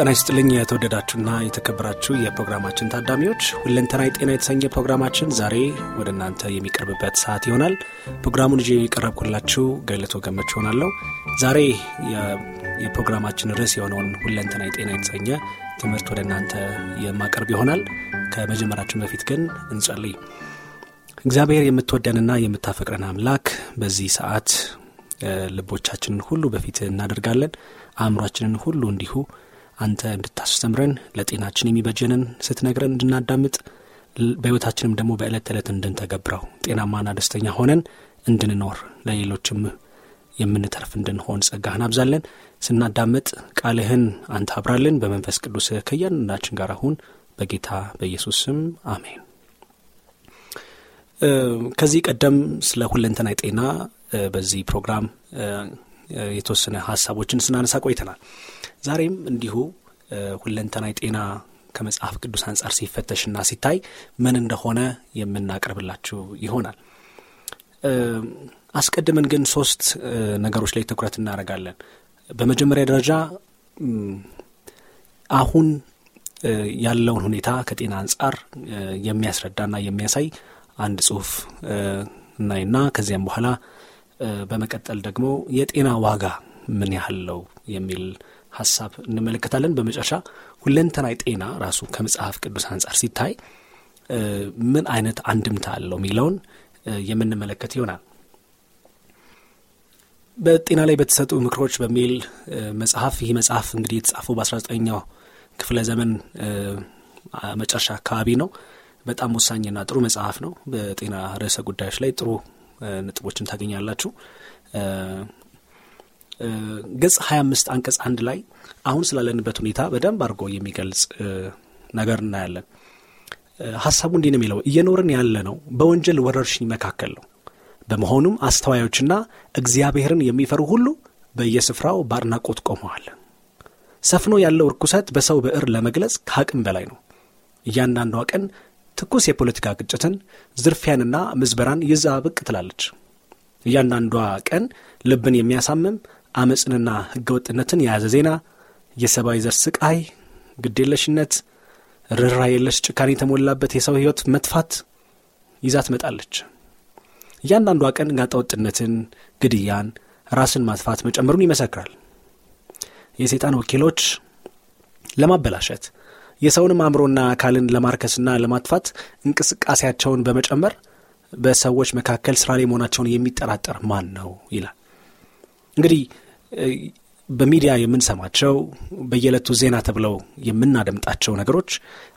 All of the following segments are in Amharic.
ጤና ይስጥልኝ የተወደዳችሁና የተከበራችሁ የፕሮግራማችን ታዳሚዎች፣ ሁለንተናዊ ጤና የተሰኘ ፕሮግራማችን ዛሬ ወደ እናንተ የሚቀርብበት ሰዓት ይሆናል። ፕሮግራሙን እ የቀረብኩላችሁ ገለት ወገመች ይሆናለሁ። ዛሬ የፕሮግራማችን ርዕስ የሆነውን ሁለንተናዊ ጤና የተሰኘ ትምህርት ወደ እናንተ የማቀርብ ይሆናል። ከመጀመራችን በፊት ግን እንጸልይ። እግዚአብሔር የምትወደንና የምታፈቅረን አምላክ በዚህ ሰዓት ልቦቻችንን ሁሉ በፊት እናደርጋለን። አእምሯችንን ሁሉ እንዲሁ አንተ እንድታስተምረን ለጤናችን የሚበጀንን ስትነግረን እንድናዳምጥ በሕይወታችንም ደግሞ በዕለት ዕለት እንድንተገብረው ጤናማና ደስተኛ ሆነን እንድንኖር ለሌሎችም የምንተርፍ እንድንሆን ጸጋህን አብዛለን። ስናዳምጥ ቃልህን አንተ አብራልን። በመንፈስ ቅዱስ ከእያንዳንዳችን ጋር አሁን በጌታ በኢየሱስ ስም አሜን። ከዚህ ቀደም ስለ ሁለንተናዊ ጤና በዚህ ፕሮግራም የተወሰነ ሀሳቦችን ስናነሳ ቆይተናል። ዛሬም እንዲሁ ሁለንተናዊ ጤና ከመጽሐፍ ቅዱስ አንጻር ሲፈተሽና ሲታይ ምን እንደሆነ የምናቀርብላችሁ ይሆናል። አስቀድመን ግን ሶስት ነገሮች ላይ ትኩረት እናደርጋለን። በመጀመሪያ ደረጃ አሁን ያለውን ሁኔታ ከጤና አንጻር የሚያስረዳና የሚያሳይ አንድ ጽሁፍ እናይና ከዚያም በኋላ በመቀጠል ደግሞ የጤና ዋጋ ምን ያህል ነው የሚል ሀሳብ እንመለከታለን። በመጨረሻ ሁለንተናዊ ጤና ራሱ ከመጽሐፍ ቅዱስ አንጻር ሲታይ ምን አይነት አንድምታ አለው የሚለውን የምንመለከት ይሆናል። በጤና ላይ በተሰጡ ምክሮች በሚል መጽሐፍ ይህ መጽሐፍ እንግዲህ የተጻፈው በ19ኛው ክፍለ ዘመን መጨረሻ አካባቢ ነው። በጣም ወሳኝና ጥሩ መጽሐፍ ነው። በጤና ርዕሰ ጉዳዮች ላይ ጥሩ ነጥቦችን ታገኛላችሁ። ገጽ 25 አንቀጽ አንድ ላይ አሁን ስላለንበት ሁኔታ በደንብ አድርጎ የሚገልጽ ነገር እናያለን። ሀሳቡ እንዲህ ነው የሚለው እየኖርን ያለ ነው በወንጀል ወረርሽኝ መካከል ነው። በመሆኑም አስተዋዮችና እግዚአብሔርን የሚፈሩ ሁሉ በየስፍራው በአድናቆት ቆመዋል። ሰፍኖ ያለው እርኩሰት በሰው ብዕር ለመግለጽ ከአቅም በላይ ነው። እያንዳንዷ ቀን ትኩስ የፖለቲካ ግጭትን፣ ዝርፊያንና ምዝበራን ይዛ ብቅ ትላለች። እያንዳንዷ ቀን ልብን የሚያሳምም አመፅንና ህገወጥነትን የያዘ ዜና፣ የሰብአዊ ዘር ስቃይ፣ ግዴለሽነት፣ ርኅራ የለሽ ጭካኔ የተሞላበት የሰው ህይወት መጥፋት ይዛ ትመጣለች። እያንዳንዷ ቀን ጋጣ ወጥነትን፣ ግድያን፣ ራስን ማጥፋት መጨመሩን ይመሰክራል። የሰይጣን ወኪሎች ለማበላሸት የሰውንም አእምሮና አካልን ለማርከስና ለማጥፋት እንቅስቃሴያቸውን በመጨመር በሰዎች መካከል ስራ ላይ መሆናቸውን የሚጠራጠር ማን ነው ይላል። እንግዲህ በሚዲያ የምንሰማቸው በየዕለቱ ዜና ተብለው የምናደምጣቸው ነገሮች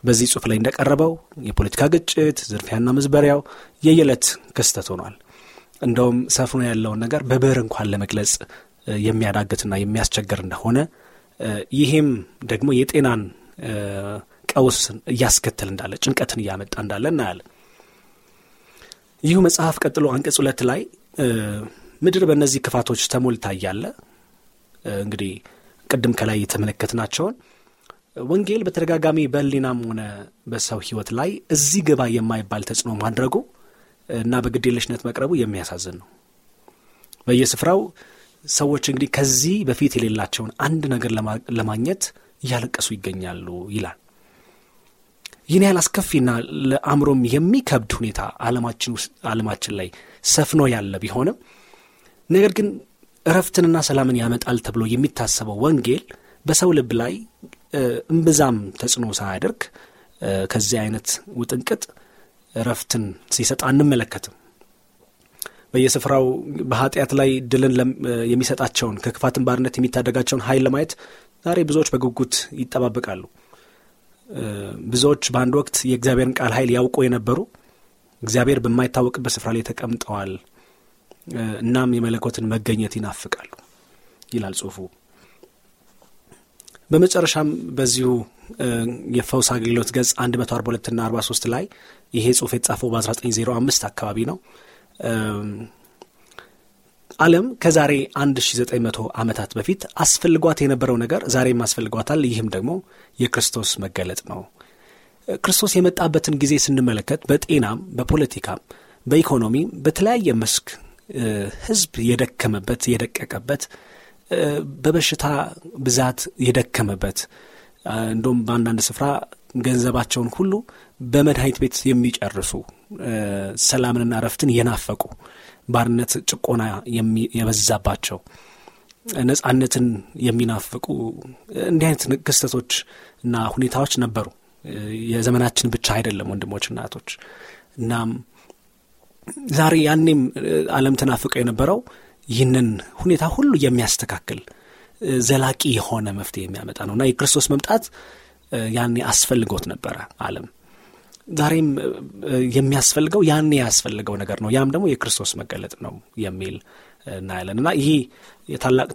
በዚህ ጽሁፍ ላይ እንደቀረበው የፖለቲካ ግጭት፣ ዝርፊያና መዝበሪያው የየዕለት ክስተት ሆኗል። እንደውም ሰፍኖ ያለውን ነገር በብዕር እንኳን ለመግለጽ የሚያዳግትና የሚያስቸግር እንደሆነ ይህም ደግሞ የጤናን ቀውስ እያስከተል እንዳለ ጭንቀትን እያመጣ እንዳለ እናያለን። ይህ መጽሐፍ ቀጥሎ አንቀጽ ሁለት ላይ ምድር በእነዚህ ክፋቶች ተሞልታ እያለ እንግዲህ ቅድም ከላይ የተመለከትናቸውን ወንጌል በተደጋጋሚ በሊናም ሆነ በሰው ህይወት ላይ እዚህ ግባ የማይባል ተጽዕኖ ማድረጉ እና በግዴለሽነት መቅረቡ የሚያሳዝን ነው። በየስፍራው ሰዎች እንግዲህ ከዚህ በፊት የሌላቸውን አንድ ነገር ለማግኘት እያለቀሱ ይገኛሉ ይላል። ይህን ያህል አስከፊና ለአእምሮም የሚከብድ ሁኔታ ዓለማችን ላይ ሰፍኖ ያለ ቢሆንም ነገር ግን እረፍትንና ሰላምን ያመጣል ተብሎ የሚታሰበው ወንጌል በሰው ልብ ላይ እምብዛም ተጽዕኖ ሳያደርግ ከዚህ አይነት ውጥንቅጥ እረፍትን ሲሰጥ አንመለከትም። በየስፍራው በኃጢአት ላይ ድልን የሚሰጣቸውን ከክፋትን ባርነት የሚታደጋቸውን ኃይል ለማየት ዛሬ ብዙዎች በጉጉት ይጠባበቃሉ። ብዙዎች በአንድ ወቅት የእግዚአብሔርን ቃል ኃይል ያውቁ የነበሩ እግዚአብሔር በማይታወቅበት ስፍራ ላይ ተቀምጠዋል እናም የመለኮትን መገኘት ይናፍቃሉ ይላል ጽሁፉ። በመጨረሻም በዚሁ የፈውስ አገልግሎት ገጽ 142ና 43 ላይ ይሄ ጽሁፍ የተጻፈው በ1905 አካባቢ ነው። አለም ከዛሬ 1900 ዓመታት በፊት አስፈልጓት የነበረው ነገር ዛሬም አስፈልጓታል። ይህም ደግሞ የክርስቶስ መገለጥ ነው። ክርስቶስ የመጣበትን ጊዜ ስንመለከት በጤናም፣ በፖለቲካም፣ በኢኮኖሚም በተለያየ መስክ ህዝብ የደከመበት የደቀቀበት በበሽታ ብዛት የደከመበት እንዲሁም በአንዳንድ ስፍራ ገንዘባቸውን ሁሉ በመድኃኒት ቤት የሚጨርሱ ሰላምንና እረፍትን የናፈቁ ባርነት፣ ጭቆና የበዛባቸው ነጻነትን የሚናፍቁ እንዲህ አይነት ክስተቶች እና ሁኔታዎች ነበሩ። የዘመናችን ብቻ አይደለም ወንድሞችና እናቶች። እናም ዛሬ ያኔም አለም ተናፍቀ የነበረው ይህንን ሁኔታ ሁሉ የሚያስተካክል ዘላቂ የሆነ መፍትሄ የሚያመጣ ነው እና የክርስቶስ መምጣት ያኔ አስፈልጎት ነበረ አለም ዛሬም የሚያስፈልገው ያኔ ያስፈልገው ነገር ነው። ያም ደግሞ የክርስቶስ መገለጥ ነው የሚል እናያለን እና ይህ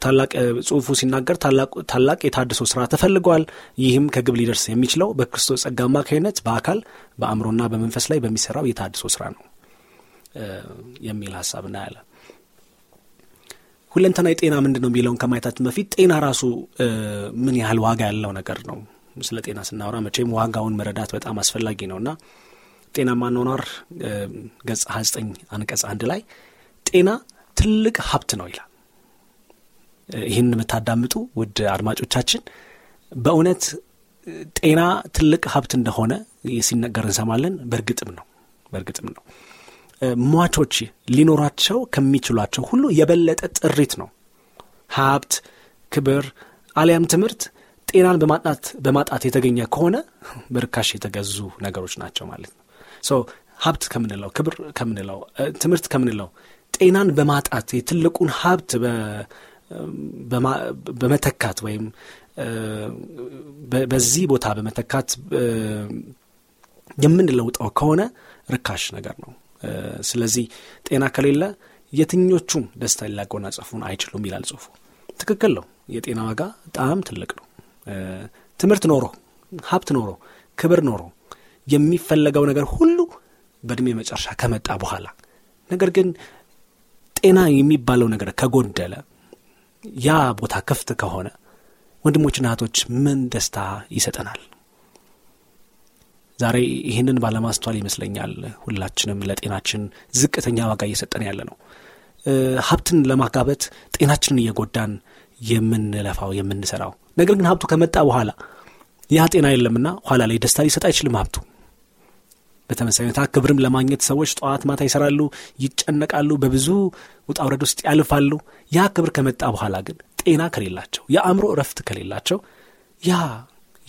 ታላቅ ጽሁፉ ሲናገር ታላቅ የታድሶ ስራ ተፈልጓል። ይህም ከግብ ሊደርስ የሚችለው በክርስቶስ ጸጋ አማካኝነት በአካል በአእምሮና በመንፈስ ላይ በሚሰራው የታድሶ ስራ ነው። የሚል ሀሳብ እናያለን። ሁለንተና ጤና ምንድን ነው የሚለውን ከማየታችን በፊት ጤና ራሱ ምን ያህል ዋጋ ያለው ነገር ነው። ስለ ጤና ስናወራ መቼም ዋጋውን መረዳት በጣም አስፈላጊ ነው እና ጤና አኗኗር ገጽ ሀዘጠኝ አንቀጽ አንድ ላይ ጤና ትልቅ ሀብት ነው ይላል። ይህን የምታዳምጡ ውድ አድማጮቻችን በእውነት ጤና ትልቅ ሀብት እንደሆነ ሲነገር እንሰማለን። በእርግጥም ነው፣ በእርግጥም ነው። ሟቾች ሊኖራቸው ከሚችሏቸው ሁሉ የበለጠ ጥሪት ነው። ሀብት፣ ክብር አሊያም ትምህርት ጤናን በማጣት በማጣት የተገኘ ከሆነ በርካሽ የተገዙ ነገሮች ናቸው ማለት ነው። ሶ ሀብት ከምንለው፣ ክብር ከምንለው፣ ትምህርት ከምንለው ጤናን በማጣት የትልቁን ሀብት በመተካት ወይም በዚህ ቦታ በመተካት የምንለውጠው ከሆነ ርካሽ ነገር ነው። ስለዚህ ጤና ከሌለ የትኞቹም ደስታ ሊያጎናጽፉን አይችሉም ይላል ጽሁፉ። ትክክል ነው። የጤና ዋጋ በጣም ትልቅ ነው። ትምህርት ኖሮ፣ ሀብት ኖሮ፣ ክብር ኖሮ የሚፈለገው ነገር ሁሉ በእድሜ መጨረሻ ከመጣ በኋላ ነገር ግን ጤና የሚባለው ነገር ከጎደለ፣ ያ ቦታ ክፍት ከሆነ ወንድሞችና እህቶች ምን ደስታ ይሰጠናል? ዛሬ ይህንን ባለማስተዋል ይመስለኛል ሁላችንም ለጤናችን ዝቅተኛ ዋጋ እየሰጠን ያለ ነው። ሀብትን ለማጋበት ጤናችንን እየጎዳን የምንለፋው የምንሰራው ነገር ግን ሀብቱ ከመጣ በኋላ ያ ጤና የለምና ኋላ ላይ ደስታ ሊሰጥ አይችልም ሀብቱ። በተመሳሳይ ሁኔታ ክብርም ለማግኘት ሰዎች ጠዋት ማታ ይሰራሉ፣ ይጨነቃሉ፣ በብዙ ውጣውረድ ውስጥ ያልፋሉ። ያ ክብር ከመጣ በኋላ ግን ጤና ከሌላቸው፣ የአእምሮ እረፍት ከሌላቸው ያ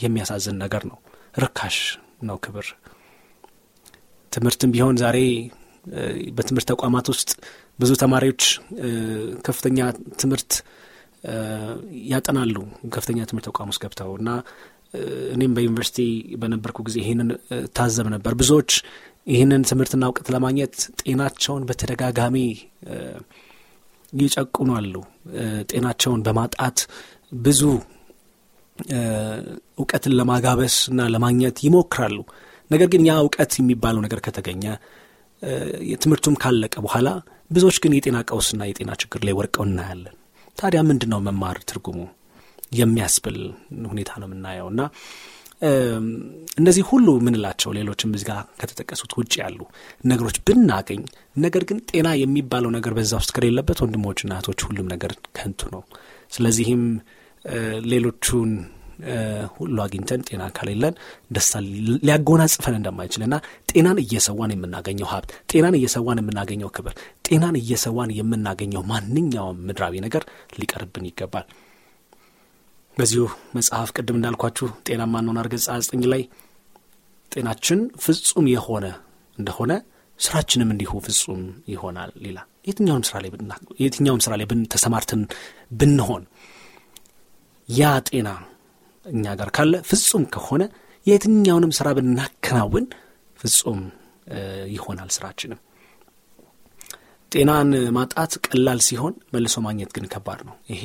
የሚያሳዝን ነገር ነው፣ ርካሽ ነው ክብር። ትምህርትም ቢሆን ዛሬ በትምህርት ተቋማት ውስጥ ብዙ ተማሪዎች ከፍተኛ ትምህርት ያጠናሉ ከፍተኛ ትምህርት ተቋም ውስጥ ገብተው እና እኔም በዩኒቨርሲቲ በነበርኩ ጊዜ ይህንን ታዘብ ነበር። ብዙዎች ይህንን ትምህርትና እውቀት ለማግኘት ጤናቸውን በተደጋጋሚ ይጨቁናሉ። ጤናቸውን በማጣት ብዙ እውቀትን ለማጋበስ እና ለማግኘት ይሞክራሉ። ነገር ግን ያ እውቀት የሚባለው ነገር ከተገኘ ትምህርቱም ካለቀ በኋላ ብዙዎች ግን የጤና ቀውስና የጤና ችግር ላይ ወርቀው እናያለን። ታዲያ ምንድን ነው መማር ትርጉሙ የሚያስብል ሁኔታ ነው የምናየው እና እነዚህ ሁሉ ምንላቸው ሌሎችም እዚ ጋር ከተጠቀሱት ውጭ ያሉ ነገሮች ብናገኝ፣ ነገር ግን ጤና የሚባለው ነገር በዛ ውስጥ ከሌለበት ወንድሞችና እህቶች ሁሉም ነገር ከንቱ ነው። ስለዚህም ሌሎቹን ሁሉ አግኝተን ጤና ከሌለን ደስታ ሊያጎናጽፈን ና ጤናን እየሰዋን የምናገኘው ሀብት፣ ጤናን እየሰዋን የምናገኘው ክብር፣ ጤናን እየሰዋን የምናገኘው ማንኛውም ምድራዊ ነገር ሊቀርብን ይገባል። በዚሁ መጽሐፍ ቅድም እንዳልኳችሁ ጤና ማንሆን ገጽ ዘጠኝ ላይ ጤናችን ፍጹም የሆነ እንደሆነ ስራችንም እንዲሁ ፍጹም ይሆናል ይላል። የትኛውም ስራ ላይ ብንሆን ያ ጤና እኛ ጋር ካለ ፍጹም ከሆነ የትኛውንም ስራ ብናከናውን ፍጹም ይሆናል ስራችንም። ጤናን ማጣት ቀላል ሲሆን መልሶ ማግኘት ግን ከባድ ነው። ይሄ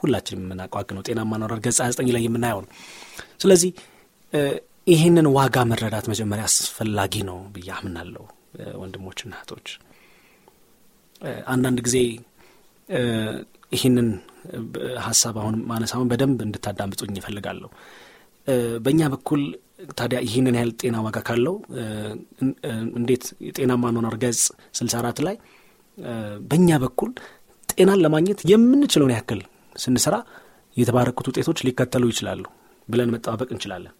ሁላችንም የምናውቀው ነው። ጤና ማኖራር ገጽ ዘጠኝ ላይ የምናየው ነው። ስለዚህ ይህንን ዋጋ መረዳት መጀመሪያ አስፈላጊ ነው ብዬ አምናለሁ። ወንድሞችና እህቶች አንዳንድ ጊዜ ይህንን ሀሳብ አሁን ማነሳውን በደንብ እንድታዳምጡኝ ይፈልጋለሁ። በእኛ በኩል ታዲያ ይህንን ያህል ጤና ዋጋ ካለው እንዴት የጤና ማኖኖር ገጽ ስልሳ አራት ላይ በእኛ በኩል ጤናን ለማግኘት የምንችለውን ያክል ስንሰራ የተባረኩት ውጤቶች ሊከተሉ ይችላሉ ብለን መጠባበቅ እንችላለን።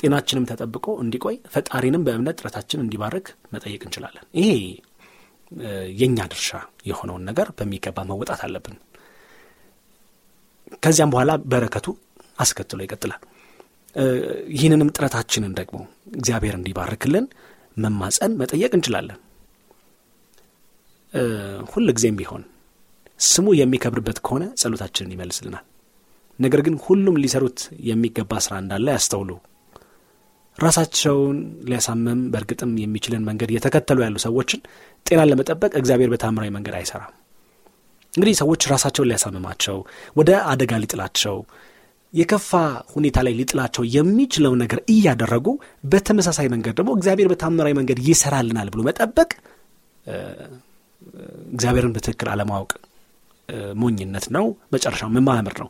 ጤናችንም ተጠብቆ እንዲቆይ ፈጣሪንም በእምነት ጥረታችን እንዲባርክ መጠየቅ እንችላለን። ይሄ የእኛ ድርሻ የሆነውን ነገር በሚገባ መወጣት አለብን። ከዚያም በኋላ በረከቱ አስከትሎ ይቀጥላል። ይህንንም ጥረታችንን ደግሞ እግዚአብሔር እንዲባርክልን መማፀን፣ መጠየቅ እንችላለን። ሁል ጊዜም ቢሆን ስሙ የሚከብርበት ከሆነ ጸሎታችንን ይመልስልናል። ነገር ግን ሁሉም ሊሰሩት የሚገባ ስራ እንዳለ ያስተውሉ። ራሳቸውን ሊያሳመም በእርግጥም የሚችልን መንገድ እየተከተሉ ያሉ ሰዎችን ጤናን ለመጠበቅ እግዚአብሔር በታምራዊ መንገድ አይሰራም። እንግዲህ ሰዎች ራሳቸውን ሊያሳምማቸው፣ ወደ አደጋ ሊጥላቸው፣ የከፋ ሁኔታ ላይ ሊጥላቸው የሚችለው ነገር እያደረጉ በተመሳሳይ መንገድ ደግሞ እግዚአብሔር በታምራዊ መንገድ ይሰራልናል ብሎ መጠበቅ እግዚአብሔርን በትክክል አለማወቅ ሞኝነት ነው። መጨረሻው መማምር ነው።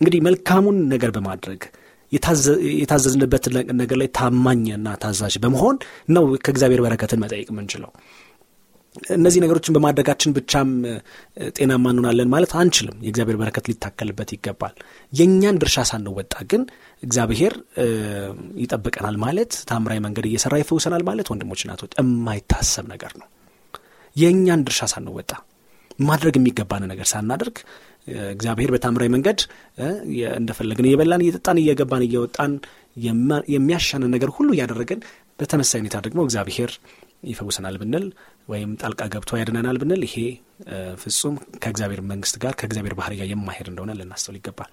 እንግዲህ መልካሙን ነገር በማድረግ የታዘዝንበት ነገር ላይ ታማኝና ታዛዥ በመሆን ነው ከእግዚአብሔር በረከትን መጠየቅ የምንችለው። እነዚህ ነገሮችን በማድረጋችን ብቻም ጤናማ እንሆናለን ማለት አንችልም። የእግዚአብሔር በረከት ሊታከልበት ይገባል። የእኛን ድርሻ ሳንወጣ ግን እግዚአብሔር ይጠብቀናል ማለት ታምራዊ መንገድ እየሰራ ይፈውሰናል ማለት ወንድሞችና እህቶች የማይታሰብ ነገር ነው። የእኛን ድርሻ ሳንወጣ ማድረግ የሚገባን ነገር ሳናደርግ እግዚአብሔር በታምራዊ መንገድ እንደፈለግን እየበላን እየጠጣን እየገባን እየወጣን የሚያሻንን ነገር ሁሉ እያደረግን በተመሳይ ሁኔታ ደግሞ እግዚአብሔር ይፈውሰናል ብንል ወይም ጣልቃ ገብቶ ያድነናል ብንል ይሄ ፍጹም ከእግዚአብሔር መንግስት ጋር ከእግዚአብሔር ባህር ጋር የማሄድ እንደሆነ ልናስተውል ይገባል።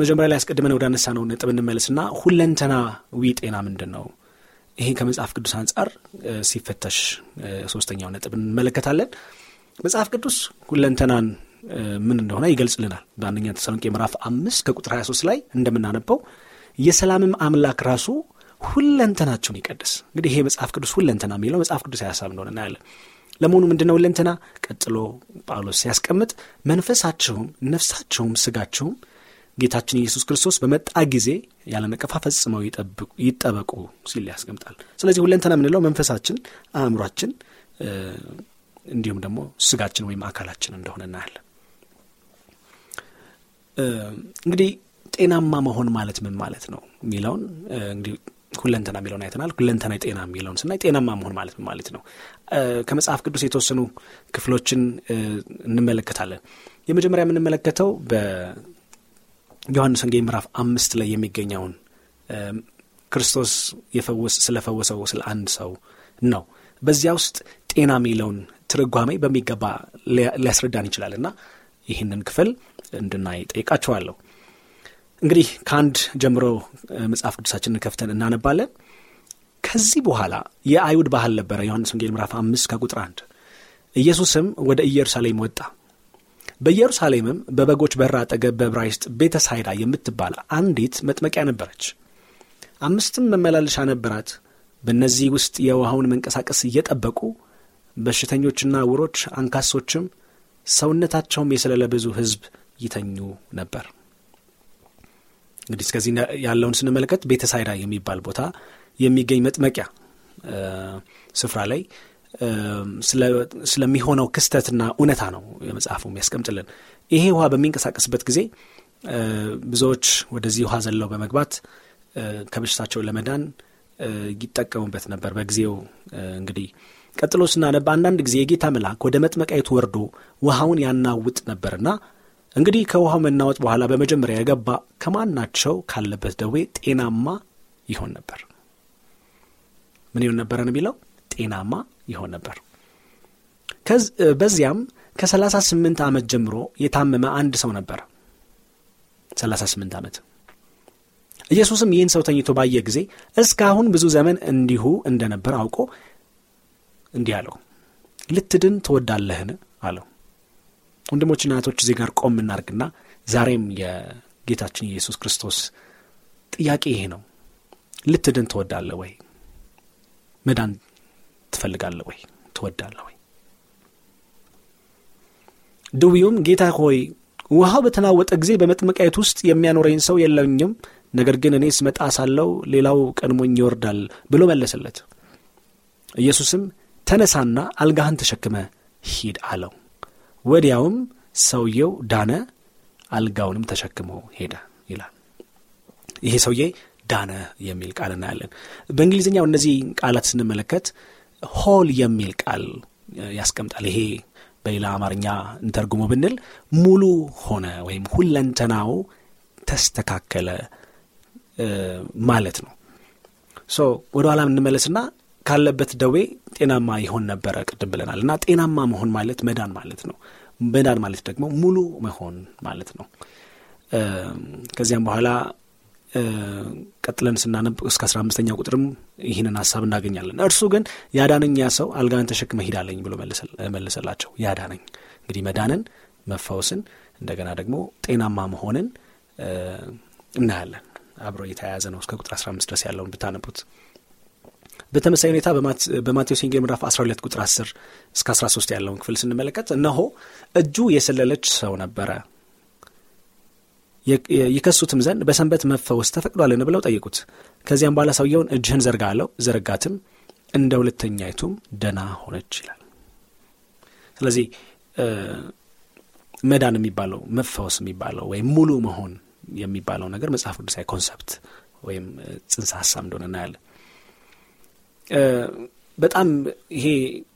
መጀመሪያ ላይ አስቀድመን ወደ አነሳ ነው ነጥብ እንመለስና ሁለንተናዊ ጤና ምንድን ነው? ይሄ ከመጽሐፍ ቅዱስ አንጻር ሲፈተሽ ሶስተኛው ነጥብ እንመለከታለን። መጽሐፍ ቅዱስ ሁለንተናን ምን እንደሆነ ይገልጽልናል። በአንደኛ ተሰሎንቄ ምዕራፍ አምስት ከቁጥር 23 ላይ እንደምናነበው የሰላምም አምላክ ራሱ ሁለንተናቸውን ይቀድስ። እንግዲህ ይሄ መጽሐፍ ቅዱስ ሁለንተና የሚለው መጽሐፍ ቅዱስ ያሳብ እንደሆነ እናያለን። ለመሆኑ ምንድነው ሁለንተና? ቀጥሎ ጳውሎስ ሲያስቀምጥ መንፈሳቸውም፣ ነፍሳቸውም፣ ስጋቸውም ጌታችን ኢየሱስ ክርስቶስ በመጣ ጊዜ ያለ ፈጽመው ይጠበቁ ሲል ያስቀምጣል። ስለዚህ ሁለንተና የምንለው መንፈሳችን፣ አእምሯችን እንዲሁም ደግሞ ስጋችን ወይም አካላችን እንደሆነ እናያለን። እንግዲህ ጤናማ መሆን ማለት ምን ማለት ነው የሚለውን እንግዲህ ሁለንተና የሚለውን አይተናል። ሁለንተና ጤና የሚለውን ስና ጤናማ መሆን ማለት ምን ማለት ነው? ከመጽሐፍ ቅዱስ የተወሰኑ ክፍሎችን እንመለከታለን። የመጀመሪያ የምንመለከተው በዮሐንስ ወንጌ ምዕራፍ አምስት ላይ የሚገኘውን ክርስቶስ የፈወስ ስለፈወሰው ስለ አንድ ሰው ነው። በዚያ ውስጥ ጤና የሚለውን ትርጓሜ በሚገባ ሊያስረዳን ይችላል እና ይህንን ክፍል እንድናይ ጠይቃቸዋለሁ እንግዲህ ከአንድ ጀምሮ መጽሐፍ ቅዱሳችንን ከፍተን እናነባለን። ከዚህ በኋላ የአይሁድ ባህል ነበረ። ዮሐንስ ወንጌል ምራፍ አምስት ከቁጥር አንድ ኢየሱስም ወደ ኢየሩሳሌም ወጣ። በኢየሩሳሌምም በበጎች በር አጠገብ በብራይስጥ ቤተ ሳይዳ የምትባል አንዲት መጥመቂያ ነበረች። አምስትም መመላለሻ ነበራት። በእነዚህ ውስጥ የውሃውን መንቀሳቀስ እየጠበቁ በሽተኞችና ውሮች አንካሶችም፣ ሰውነታቸውም የሰለለ ብዙ ህዝብ ይተኙ ነበር። እንግዲህ እስከዚህ ያለውን ስንመለከት ቤተሳይዳ የሚባል ቦታ የሚገኝ መጥመቂያ ስፍራ ላይ ስለሚሆነው ክስተትና እውነታ ነው የመጽሐፉ የሚያስቀምጥልን። ይሄ ውሃ በሚንቀሳቀስበት ጊዜ ብዙዎች ወደዚህ ውሃ ዘለው በመግባት ከበሽታቸው ለመዳን ይጠቀሙበት ነበር። በጊዜው እንግዲህ ቀጥሎ ስናነብ አንዳንድ ጊዜ የጌታ መልአክ ወደ መጥመቃይቱ ወርዶ ውሃውን ያናውጥ ነበርና እንግዲህ ከውሃው መናወጥ በኋላ በመጀመሪያ የገባ ከማናቸው ካለበት ደዌ ጤናማ ይሆን ነበር። ምን ይሆን ነው የሚለው ጤናማ ይሆን ነበር። በዚያም ከ ስምንት ዓመት ጀምሮ የታመመ አንድ ሰው ነበር። 38 ዓመት ኢየሱስም ይህን ሰው ተኝቶ ባየ ጊዜ እስካሁን ብዙ ዘመን እንዲሁ እንደነበር አውቆ እንዲህ አለው፣ ልትድን ትወዳለህን አለው። ወንድሞችና እህቶች እዚህ ጋር ቆም እናርግና ዛሬም የጌታችን የኢየሱስ ክርስቶስ ጥያቄ ይሄ ነው። ልትድን ትወዳለ ወይ? መዳን ትፈልጋለ ወይ? ትወዳለ ወይ? ድውዩም ጌታ ሆይ ውሃው በተናወጠ ጊዜ በመጥመቃየት ውስጥ የሚያኖረኝ ሰው የለኝም፣ ነገር ግን እኔ ስመጣ ሳለው ሌላው ቀድሞኝ ይወርዳል ብሎ መለሰለት። ኢየሱስም ተነሳና አልጋህን ተሸክመ ሂድ አለው። ወዲያውም ሰውየው ዳነ፣ አልጋውንም ተሸክሞ ሄደ ይላል። ይሄ ሰውዬ ዳነ የሚል ቃል እናያለን። በእንግሊዝኛው እነዚህ ቃላት ስንመለከት ሆል የሚል ቃል ያስቀምጣል። ይሄ በሌላ አማርኛ እንተርጉሞ ብንል ሙሉ ሆነ ወይም ሁለንተናው ተስተካከለ ማለት ነው። ሶ ወደ ኋላ እንመለስና ካለበት ደዌ ጤናማ ይሆን ነበረ ቅድም ብለናል እና ጤናማ መሆን ማለት መዳን ማለት ነው። መዳን ማለት ደግሞ ሙሉ መሆን ማለት ነው። ከዚያም በኋላ ቀጥለን ስናነብ እስከ አስራ አምስተኛው ቁጥርም ይህንን ሀሳብ እናገኛለን። እርሱ ግን ያዳነኝ ያ ሰው አልጋን ተሸክመ ሂዳለኝ ብሎ መለሰላቸው። ያዳነኝ እንግዲህ መዳንን፣ መፈወስን እንደገና ደግሞ ጤናማ መሆንን እናያለን። አብሮ የተያያዘ ነው። እስከ ቁጥር አስራ አምስት ድረስ ያለውን ብታነቡት በተመሳይ ሁኔታ በማቴዎስ ወንጌል ምዕራፍ 12 ቁጥር 10 እስከ 13 ያለውን ክፍል ስንመለከት እነሆ እጁ የሰለለች ሰው ነበረ፣ ይከሱትም ዘንድ በሰንበት መፈወስ ተፈቅዷልን ብለው ጠይቁት ከዚያም በኋላ ሰውየውን እጅህን ዘርጋ አለው። ዘረጋትም፣ እንደ ሁለተኛይቱም ደና ሆነች ይላል። ስለዚህ መዳን የሚባለው መፈወስ የሚባለው ወይም ሙሉ መሆን የሚባለው ነገር መጽሐፍ ቅዱሳዊ ኮንሰፕት ወይም ጽንሰ ሀሳብ እንደሆነ እናያለን። በጣም ይሄ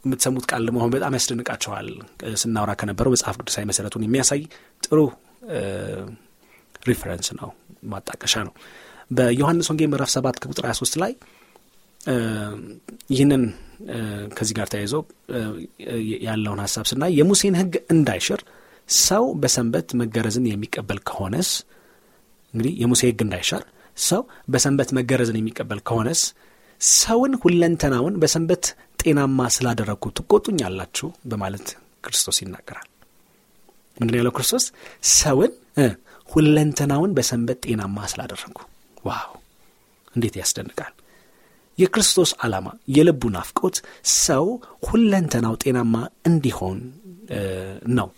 የምትሰሙት ቃል ለመሆን በጣም ያስደንቃቸዋል። ስናወራ ከነበረው መጽሐፍ ቅዱሳዊ መሰረቱን የሚያሳይ ጥሩ ሪፈረንስ ነው፣ ማጣቀሻ ነው። በዮሐንስ ወንጌ ምዕራፍ ሰባት ከቁጥር 23 ላይ ይህንን ከዚህ ጋር ተያይዞ ያለውን ሀሳብ ስናይ የሙሴን ህግ እንዳይሽር ሰው በሰንበት መገረዝን የሚቀበል ከሆነስ እንግዲህ የሙሴ ህግ እንዳይሻር ሰው በሰንበት መገረዝን የሚቀበል ከሆነስ ሰውን ሁለንተናውን በሰንበት ጤናማ ስላደረግኩ ትቆጡኛላችሁ በማለት ክርስቶስ ይናገራል። ምንድን ያለው ክርስቶስ? ሰውን ሁለንተናውን በሰንበት ጤናማ ስላደረግኩ። ዋው እንዴት ያስደንቃል! የክርስቶስ ዓላማ፣ የልቡ ናፍቆት ሰው ሁለንተናው ጤናማ እንዲሆን ነው።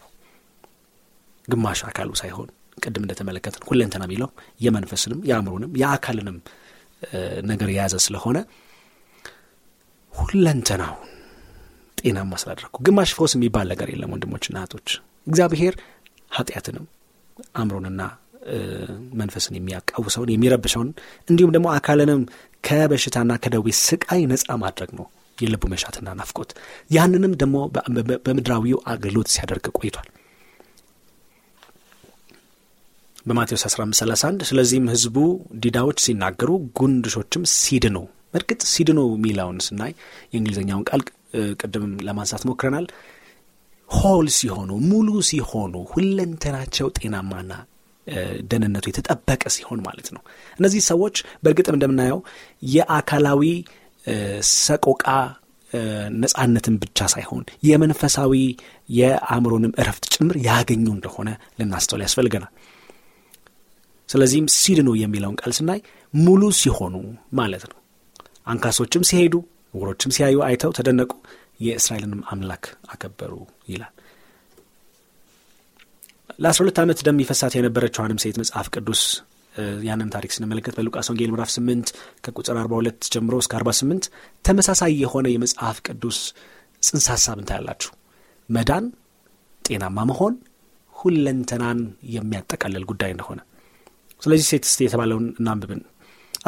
ግማሽ አካሉ ሳይሆን ቅድም እንደተመለከትን ሁለንተና የሚለው የመንፈስንም የአእምሮንም የአካልንም ነገር የያዘ ስለሆነ ሁለንተናውን ጤናማ ስላደረግኩ ግማሽ ፈውስ የሚባል ነገር የለም ወንድሞችና እህቶች እግዚአብሔር ኃጢአትንም አእምሮንና መንፈስን የሚያቃውሰውን የሚረብሸውን እንዲሁም ደግሞ አካልንም ከበሽታና ከደዌ ስቃይ ነፃ ማድረግ ነው የልቡ መሻትና ናፍቆት ያንንም ደግሞ በምድራዊው አገልግሎት ሲያደርግ ቆይቷል በማቴዎስ 1531 ስለዚህም ህዝቡ ዲዳዎች ሲናገሩ ጉንድሾችም ሲድኑ በእርግጥ ሲድኑ የሚለውን ስናይ የእንግሊዝኛውን ቃል ቅድምም ለማንሳት ሞክረናል ሆል ሲሆኑ ሙሉ ሲሆኑ ሁለንተናቸው ጤናማና ደህንነቱ የተጠበቀ ሲሆን ማለት ነው እነዚህ ሰዎች በእርግጥም እንደምናየው የአካላዊ ሰቆቃ ነጻነትን ብቻ ሳይሆን የመንፈሳዊ የአእምሮንም እረፍት ጭምር ያገኙ እንደሆነ ልናስተውል ያስፈልገናል ስለዚህም ሲድኑ የሚለውን ቃል ስናይ ሙሉ ሲሆኑ ማለት ነው። አንካሶችም ሲሄዱ፣ ውሮችም ሲያዩ አይተው ተደነቁ፣ የእስራኤልንም አምላክ አከበሩ ይላል። ለአስራ ሁለት ዓመት ደም ይፈሳት የነበረችዋንም ሴት መጽሐፍ ቅዱስ ያንን ታሪክ ስንመለከት በሉቃስ ወንጌል ምዕራፍ 8 ከቁጥር 42 ጀምሮ እስከ 48 ተመሳሳይ የሆነ የመጽሐፍ ቅዱስ ጽንሰ ሀሳብ እንታያላችሁ። መዳን፣ ጤናማ መሆን ሁለንተናን የሚያጠቃልል ጉዳይ እንደሆነ ስለዚህ ሴት ስ የተባለውን እናንብብን።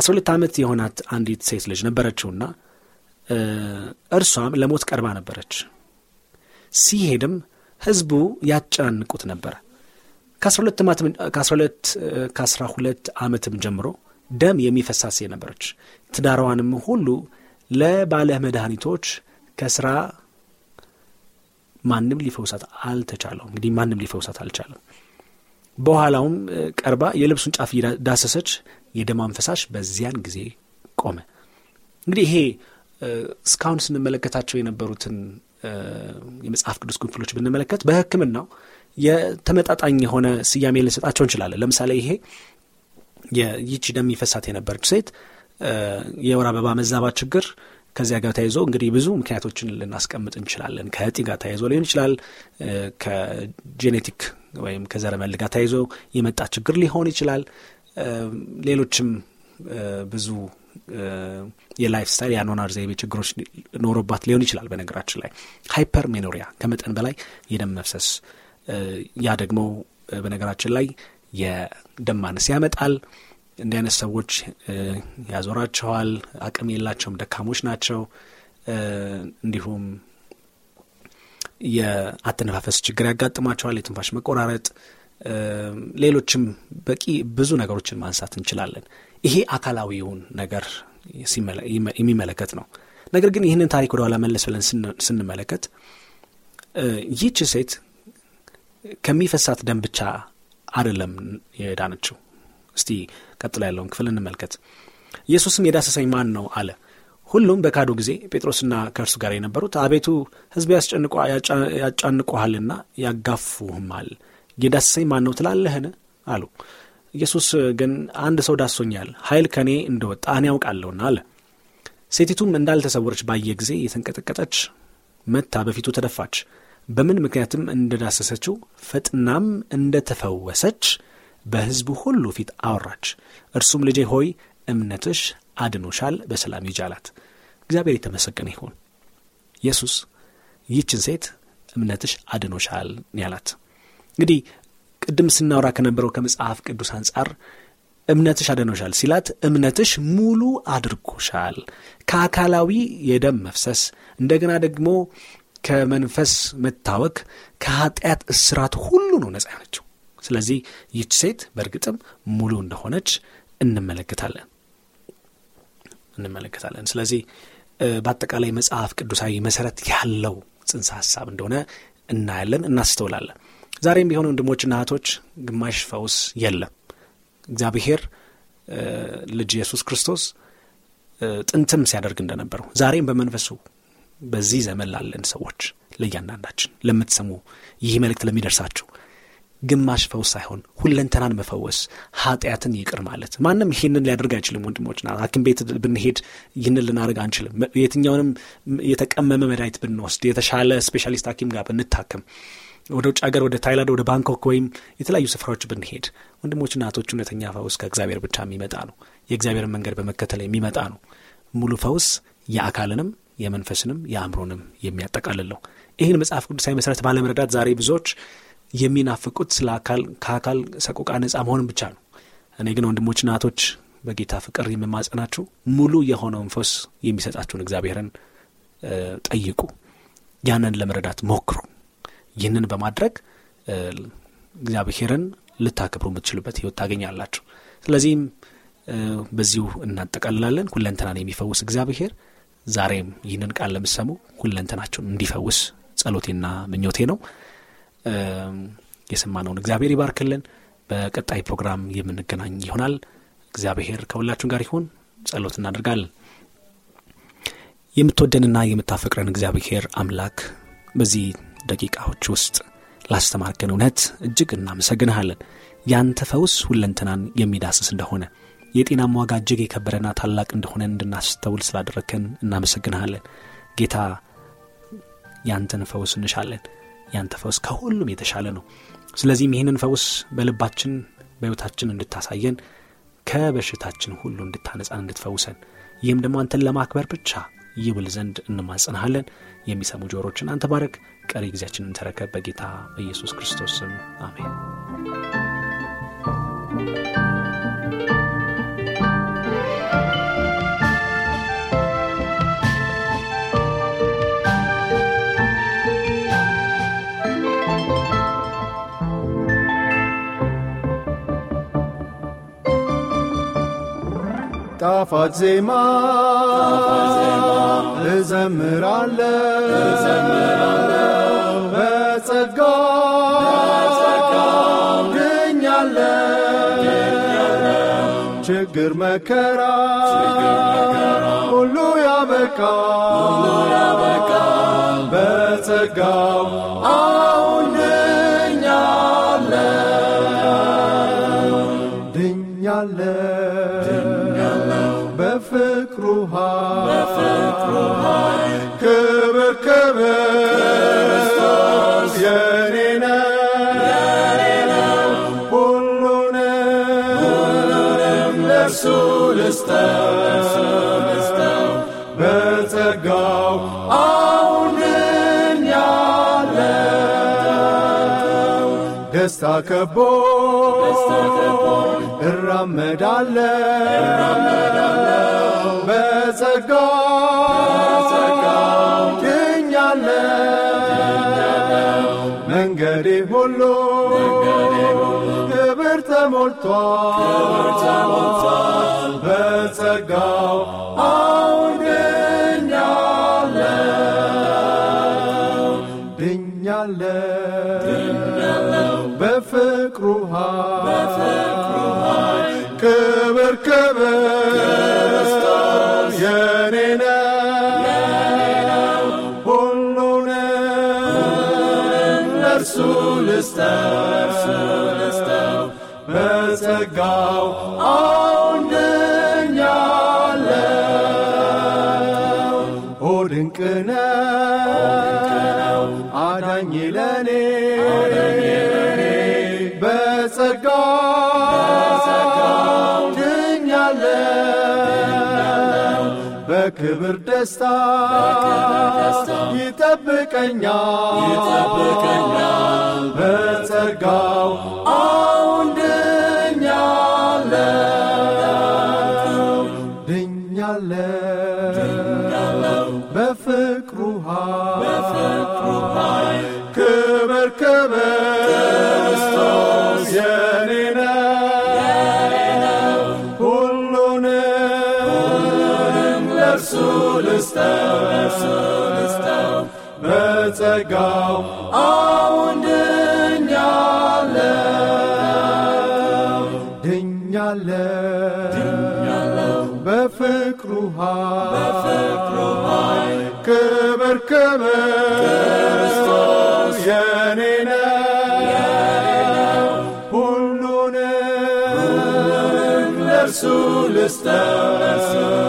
አስራ ሁለት ዓመት የሆናት አንዲት ሴት ልጅ ነበረችውና እርሷም ለሞት ቀርባ ነበረች። ሲሄድም ህዝቡ ያጨናንቁት ነበር። ከአስራ ሁለት ዓመትም ጀምሮ ደም የሚፈሳት ሴ ነበረች። ትዳሯንም ሁሉ ለባለ መድኃኒቶች ከስራ ማንም ሊፈውሳት አልተቻለው። እንግዲህ ማንም ሊፈውሳት አልቻለም። በኋላውም ቀርባ የልብሱን ጫፍ ዳሰሰች፣ የደማም ፈሳሽ በዚያን ጊዜ ቆመ። እንግዲህ ይሄ እስካሁን ስንመለከታቸው የነበሩትን የመጽሐፍ ቅዱስ ክንፍሎች ብንመለከት በህክምናው የተመጣጣኝ የሆነ ስያሜ ልንሰጣቸው እንችላለን። ለምሳሌ ይሄ ይቺ ደም ይፈሳት የነበረች ሴት የወር አበባ መዛባት ችግር ከዚያ ጋር ተያይዞ እንግዲህ ብዙ ምክንያቶችን ልናስቀምጥ እንችላለን። ከእጢ ጋር ተያይዞ ሊሆን ይችላል። ከጄኔቲክ ወይም ከዘረመል ጋር ተያይዞ የመጣ ችግር ሊሆን ይችላል። ሌሎችም ብዙ የላይፍ ስታይል የአኗኗር ዘይቤ ችግሮች ኖሮባት ሊሆን ይችላል። በነገራችን ላይ ሃይፐር ሜኖሪያ ከመጠን በላይ የደም መፍሰስ፣ ያ ደግሞ በነገራችን ላይ የደም ማነስ ያመጣል። እንዲህ አይነት ሰዎች ያዞራቸዋል። አቅም የላቸውም፣ ደካሞች ናቸው። እንዲሁም የአተነፋፈስ ችግር ያጋጥማቸዋል፣ የትንፋሽ መቆራረጥ፣ ሌሎችም በቂ ብዙ ነገሮችን ማንሳት እንችላለን። ይሄ አካላዊውን ነገር የሚመለከት ነው። ነገር ግን ይህንን ታሪክ ወደኋላ መለስ ብለን ስንመለከት ይህች ሴት ከሚፈሳት ደም ብቻ አይደለም የዳነችው እስቲ ቀጥላ ያለውን ክፍል እንመልከት። ኢየሱስም የዳሰሰኝ ማን ነው አለ። ሁሉም በካዱ ጊዜ ጴጥሮስና ከእርሱ ጋር የነበሩት አቤቱ ሕዝብ ያጫንቆሃልና ያጋፉህማል፣ የዳሰሰኝ ማን ነው ትላለህን? አሉ። ኢየሱስ ግን አንድ ሰው ዳሶኛል፣ ኃይል ከእኔ እንደወጣ እኔ ያውቃለሁና አለ። ሴቲቱም እንዳልተሰወረች ባየ ጊዜ የተንቀጠቀጠች መታ በፊቱ ተደፋች። በምን ምክንያትም እንደዳሰሰችው ፈጥናም እንደተፈወሰች በሕዝቡ ሁሉ ፊት አወራች። እርሱም ልጄ ሆይ እምነትሽ አድኖሻል፣ በሰላም ሂጂ አላት። እግዚአብሔር የተመሰገነ ይሁን። ኢየሱስ ይህችን ሴት እምነትሽ አድኖሻል ያላት እንግዲህ ቅድም ስናወራ ከነበረው ከመጽሐፍ ቅዱስ አንጻር እምነትሽ አድኖሻል ሲላት እምነትሽ ሙሉ አድርጎሻል፣ ከአካላዊ የደም መፍሰስ እንደገና ደግሞ ከመንፈስ መታወክ ከኃጢአት እስራት ሁሉ ነው ነጻ ያለችው። ስለዚህ ይች ሴት በእርግጥም ሙሉ እንደሆነች እንመለከታለን እንመለከታለን። ስለዚህ በአጠቃላይ መጽሐፍ ቅዱሳዊ መሰረት ያለው ጽንሰ ሀሳብ እንደሆነ እናያለን፣ እናስተውላለን። ዛሬም ቢሆን ወንድሞችና እህቶች ግማሽ ፈውስ የለም። እግዚአብሔር ልጅ ኢየሱስ ክርስቶስ ጥንትም ሲያደርግ እንደነበረው ዛሬም በመንፈሱ በዚህ ዘመን ላለን ሰዎች ለእያንዳንዳችን ለምትሰሙ ይህ መልእክት ለሚደርሳችሁ ግማሽ ፈውስ ሳይሆን ሁለንተናን መፈወስ፣ ኃጢአትን ይቅር ማለት። ማንም ይህንን ሊያደርግ አይችልም። ወንድሞችና ሐኪም ቤት ብንሄድ ይህንን ልናደርግ አንችልም። የትኛውንም የተቀመመ መድኃኒት ብንወስድ፣ የተሻለ ስፔሻሊስት ሐኪም ጋር ብንታክም፣ ወደ ውጭ ሀገር ወደ ታይላንድ፣ ወደ ባንኮክ ወይም የተለያዩ ስፍራዎች ብንሄድ፣ ወንድሞችና እናቶች እውነተኛ ፈውስ ከእግዚአብሔር ብቻ የሚመጣ ነው። የእግዚአብሔርን መንገድ በመከተል የሚመጣ ነው። ሙሉ ፈውስ የአካልንም የመንፈስንም የአእምሮንም የሚያጠቃልል ነው። ይህን መጽሐፍ ቅዱሳዊ መሰረት ባለመረዳት ዛሬ ብዙዎች የሚናፍቁት ስለ አካል ከአካል ሰቆቃ ነጻ መሆን ብቻ ነው። እኔ ግን ወንድሞች ናቶች በጌታ ፍቅር የምማጸናችሁ ሙሉ የሆነውን ፈውስ የሚሰጣችሁን እግዚአብሔርን ጠይቁ። ያንን ለመረዳት ሞክሩ። ይህንን በማድረግ እግዚአብሔርን ልታከብሩ የምትችሉበት ህይወት ታገኛላችሁ። ስለዚህም በዚሁ እናጠቃልላለን። ሁለንተናን የሚፈውስ እግዚአብሔር ዛሬም ይህንን ቃል ለምሰሙ ሁለንተናቸውን እንዲፈውስ ጸሎቴና ምኞቴ ነው። የሰማነውን እግዚአብሔር ይባርክልን። በቀጣይ ፕሮግራም የምንገናኝ ይሆናል። እግዚአብሔር ከሁላችን ጋር ይሁን። ጸሎት እናደርጋለን። የምትወደንና የምታፈቅረን እግዚአብሔር አምላክ በዚህ ደቂቃዎች ውስጥ ላስተማርከን እውነት እጅግ እናመሰግንሃለን። ያንተ ፈውስ ሁለንተናን የሚዳስስ እንደሆነ የጤናም ዋጋ እጅግ የከበረና ታላቅ እንደሆነ እንድናስተውል ስላደረግከን እናመሰግንሃለን። ጌታ ያንተን ፈውስ እንሻለን። ያንተ ፈውስ ከሁሉም የተሻለ ነው። ስለዚህም ይህንን ፈውስ በልባችን በህይወታችን እንድታሳየን ከበሽታችን ሁሉ እንድታነጻን እንድትፈውሰን ይህም ደግሞ አንተን ለማክበር ብቻ ይብል ዘንድ እንማጽንሃለን። የሚሰሙ ጆሮችን አንተ ባረክ። ቀሪ ጊዜያችንን ተረከብ። በጌታ በኢየሱስ ክርስቶስ ስም አሜን። ጣፋጭ ዜማ እዘምራለሁ በጸጋ ድኛለሁ ችግር መከራ ሁሉ ያበቃል በጸጋው አሁን ክብር ክብር የኔ ነው ሁሉንም ለእርሱ ልስጠው በጸጋው አሁንን ያለው ደስታ ከቦ እራመዳለው በጸጋው መንገዴ ሁሉ ክብር ተሞልቷል በጸጋው ክብር ደስታ ይጠብቀኛል በጸጋው ስጠው ነፍሱን ስጠው በጸጋው አሁን ድኛለው ድኛለው በፍቅሩ ኃይል ክብር ክብር የኔ ነው ሁሉንም ለእርሱ ልስጠው